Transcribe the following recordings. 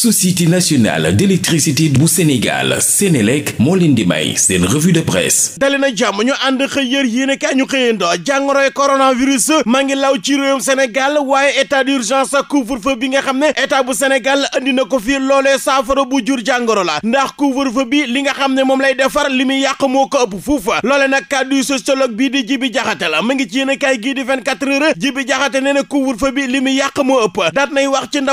société nationale d'électricité bu Sénégal Sénélec moo leen di may seen revue de presse dali jàmm ñu ànd xëy yër yéen kaay ñu xëyandoo jàngoroy coronavirus maa ngi law ci réewum Sénégal waaye état d'urgence couvre-feu bi nga xam ne état bu Sénégal andi na ko fii loolee saafara bu jur jàngoro la ndax couvre-feu bi li nga xam ne moom lay defar li muy yàq moo ko ëpp fuufa loole nag kàddu sociologue bii di Jibi Jaxate la ma ngi ci yéen gii di 24 li muy yàq moo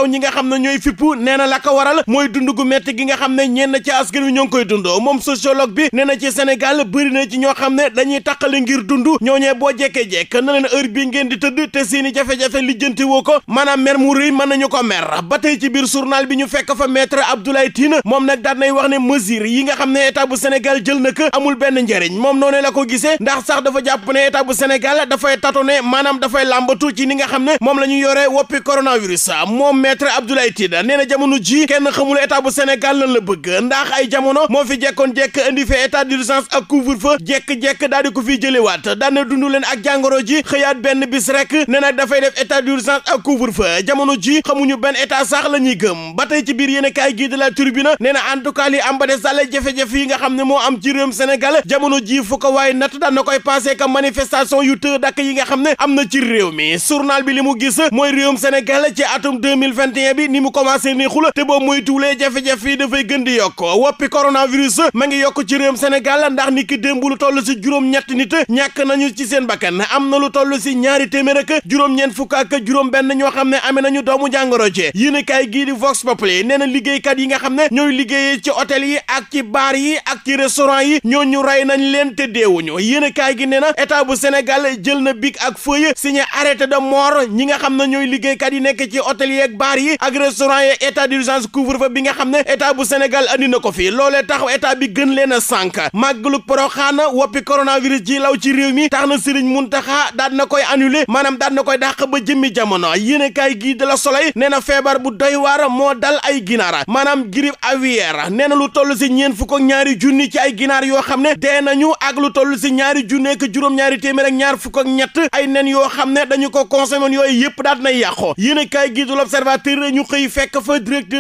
ñi nga xam ne la ko waral mooy dund gu métti gi nga xam ne ñenn ci askan wi ñoo ngi koy dund moom sociologue bi nee na ci Sénégal bëri na ci ñoo xam ne dañuy li ngir dund ñooñee boo jekkee-jekk na leen heure bii ngeen di tëdd te seeni jafe-jafe lijjanti woo ko maanaam mer mu rëy mën nañu ko mer ba tey ci biir journal bi ñu fekk fa maître Abdoulaye Tine moom nag daan nay wax ne mesures yi nga xam ne état bu Sénégal jël na amul benn njëriñ moom noonu la ko gisee ndax sax dafa jàpp ne état bu Sénégal dafay tâtonner maanaam dafay làmbatu ci ni nga xam ne moom la ñu yore woppi coronavirus moom maître Abdoulaye Tine nee na jamono ji kenn xamul état bu Sénégal lan la bëgg ndax ay jamono moo fi jekkoon jekk indi fi état d'urgence ak couvre-feu jekk-jekk daal di ko fi jëlewaat daana dund leen ak jàngoro ji xëyaat benn bis rek ne nag dafay def état d'urgence ak couvre-feu jamono jii xamuñu benn état sax la ñuy gëm ba tey ci biir yéen kaay gii de la Tribune nee na en tout cas li am ba des daal jafe-jafe yi nga xam ne moo am ci réewum Sénégal jamono jii fu ko waaye nat daan na koy passé ka manifestation yu të dakk yi nga xam ne am na ci réew mi journal bi li mu gis mooy réewum Sénégal ci atum 2021 bi ni mu commencé neexul te boo moytuwulee jafe-jafe yi dafay gën di yokk woppi coronavirus ma ngi yokk ci réewum Sénégal ndax ni ki démb lu toll si juróom-ñetti nit ñàkk nañu ci seen bakkan am na lu toll si ñaari téeméer ak juróom-ñeent fukk ak juróom-benn ñoo xam ne amee nañu doomu jàngoro ci yéen kaay gii di Vox Populi nee na liggéeykat yi nga xam ne ñooy liggéeyee ci hôtel yi ak ci baar yi ak ci restaurant yi ñoo ñu rey nañ leen te deewuñu yéen kaay gi nee na état bu Sénégal jël na bic ak feuille signé arrêté de mort ñi nga xam ne ñooy liggéeykat yi nekk ci hôtel ak baar yi ak restaurant yi urgence couvre-feu bi nga xam ne état bu Sénégal andi na ko fi loolee tax état bi gën leen a sànk màggalug poroxaana woppi coronavirus ji law ci réew mi tax na Serigne Mountakha daan na koy annulé maanaam daan na koy dàq ba jëmmi jamono yéene kaay gii de la Soleil nee na feebar bu doy waar moo dal ay ginaar maanaam grippe aviaire nee na lu toll si ñeen fukk ak ñaari junni ci ay ginaar yoo xam ne dee nañu ak lu toll si ñaari junni ak juróom-ñaari téeméer ak ñaar fukk ak ñett ay nen yoo xam ne dañu ko consommé yooyu yëpp daat nay yàqoo yéene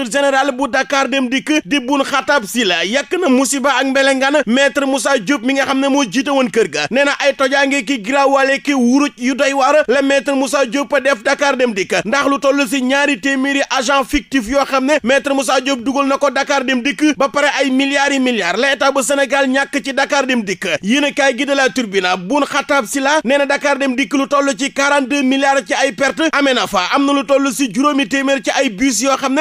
directeur général bu Dakar dem dikk di Boun Khatab Sylla yàq na musiba ak mbelengaan maître Moussa Diop mi nga xam ne moo jiite woon kër ga nee na ay tojaange ki giraawale ki wuruj yu doy waar la maître Moussa Diop def Dakar dem dikk ndax lu toll si ñaari téeméeri agent fictif yoo xam ne maître Moussa Diop dugal na ko Dakar dem dikk ba pare ay milliards yi milliards la état bu Sénégal ñàkk ci Dakar dem dikk yéen a kaay gi de la Tribune Boun Khatab Sylla Dakar dem dikk ci quarante deux ci ay perte amee na fa am na lu ci ay bus yoo xam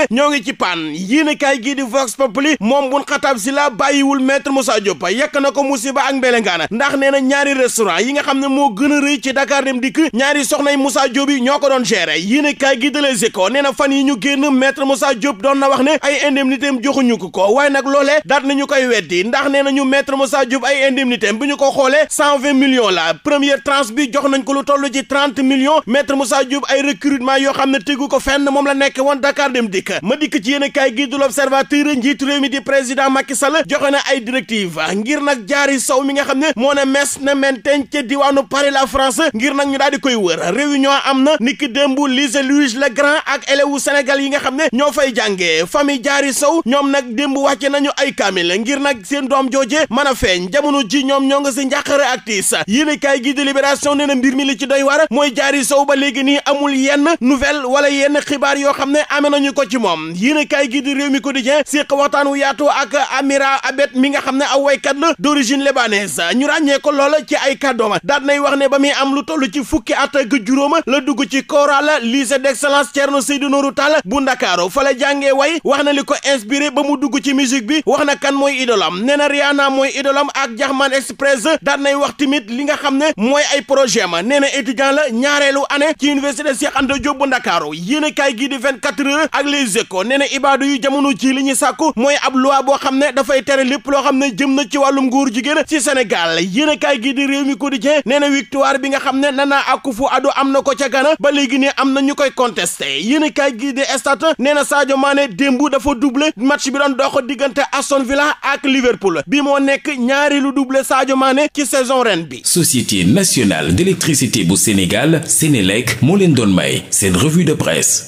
ci paan yéenekaay gii di Vox Populi moom Boun Khatab la bàyyiwul maître Moussa Diop yekk na ko musiba ak na ndax nee na ñaari restaurant yi nga xam ne moo gën a rëy ci Dakar dem dikk ñaari soxnay Moussa Diop yi ñoo ko doon gérer yéenekaay gii de Les Échos nee na fan yi ñu génn maître Moussa Diop doon na wax ne ay indemnité am joxuñu ko ko waaye nag loole daat nañu koy weddi ndax nee nañu maître Moussa Diop ay indemnité am bi ñu ko xoolee cent vingt millions la première tranche bi jox nañ ko lu toll ci trente millions maître Moussa Diop ay recrutement yoo xam ne tegu ko fenn moom la nekk woon Dakar dem dikk ma dëkk ci yéen kaay gi du njiitu réew mi di président Macky Sall joxe na ay directive ngir nag jaari sow mi nga xam ne moo ne mes na menten ca diwaanu Paris la France ngir nag ñu daal di koy wër ñoo am na niki démb lycée Louis le Grand ak élèves senegal yi nga xam ne ñoo fay jàngee famille jaari sow ñoom nag démb wàcce nañu ay kaamil ngir nag seen doom jooje mën a feeñ jamono ji ñoom ñoo nga si njàqare ak tiis yéen kaay gi de Libération nee na mbir mi li ci doy waar mooy jaari sow ba léegi nii amul yenn nouvelle wala yenn xibaar yoo xam ne amee nañu ko ci moom yéen a kaay gi di réew mi quotidien séq waxtaan wu yaatu ak Amira Abed mi nga xam ne aw waykat la d'origine libanaise ñu ràññee ko loola ci ay kàddooma daat nay wax ne ba muy am lu toll ci fukki at ak juróoma la dugg ci chorale lycée d'excellence Thierno Seydou Nourou Tall bu Ndakaaru fala jàngee way wax na li ko inspiré ba mu dugg ci musique bi wax na kan mooy idolam nee na Rihanna mooy idolam ak Jahman Express daat nay wax tamit li nga xam ne mooy ay projet ma nee na étudiant la ñaareelu année ci université Cheikh Anta Diop bu Ndakaaru yéen a kaay gi di 24 heures ak les échos nee na ibaadu yu jamono ji li ñu sàkku mooy ab loi boo xam ne dafay tere lépp loo xam ne jëm na ci wàllum nguur jigéen ci Sénégal yéen a kaay gi di réew mi quotidien nee na victoire bi nga xam ne Nana Akufo Addo am na ko ca gana ba léegi ne am na ñu koy contesté yéen a kaay gi di Stades nee na Sadio Mané démb dafa doublé match bi doon dox diggante Aston Villa ak Liverpool bi moo nekk ñaari lu doublé Sadio Mané ci saison ren bi. Société nationale d'électricité bu Sénégal Sénélec moo leen doon may seen revue de presse.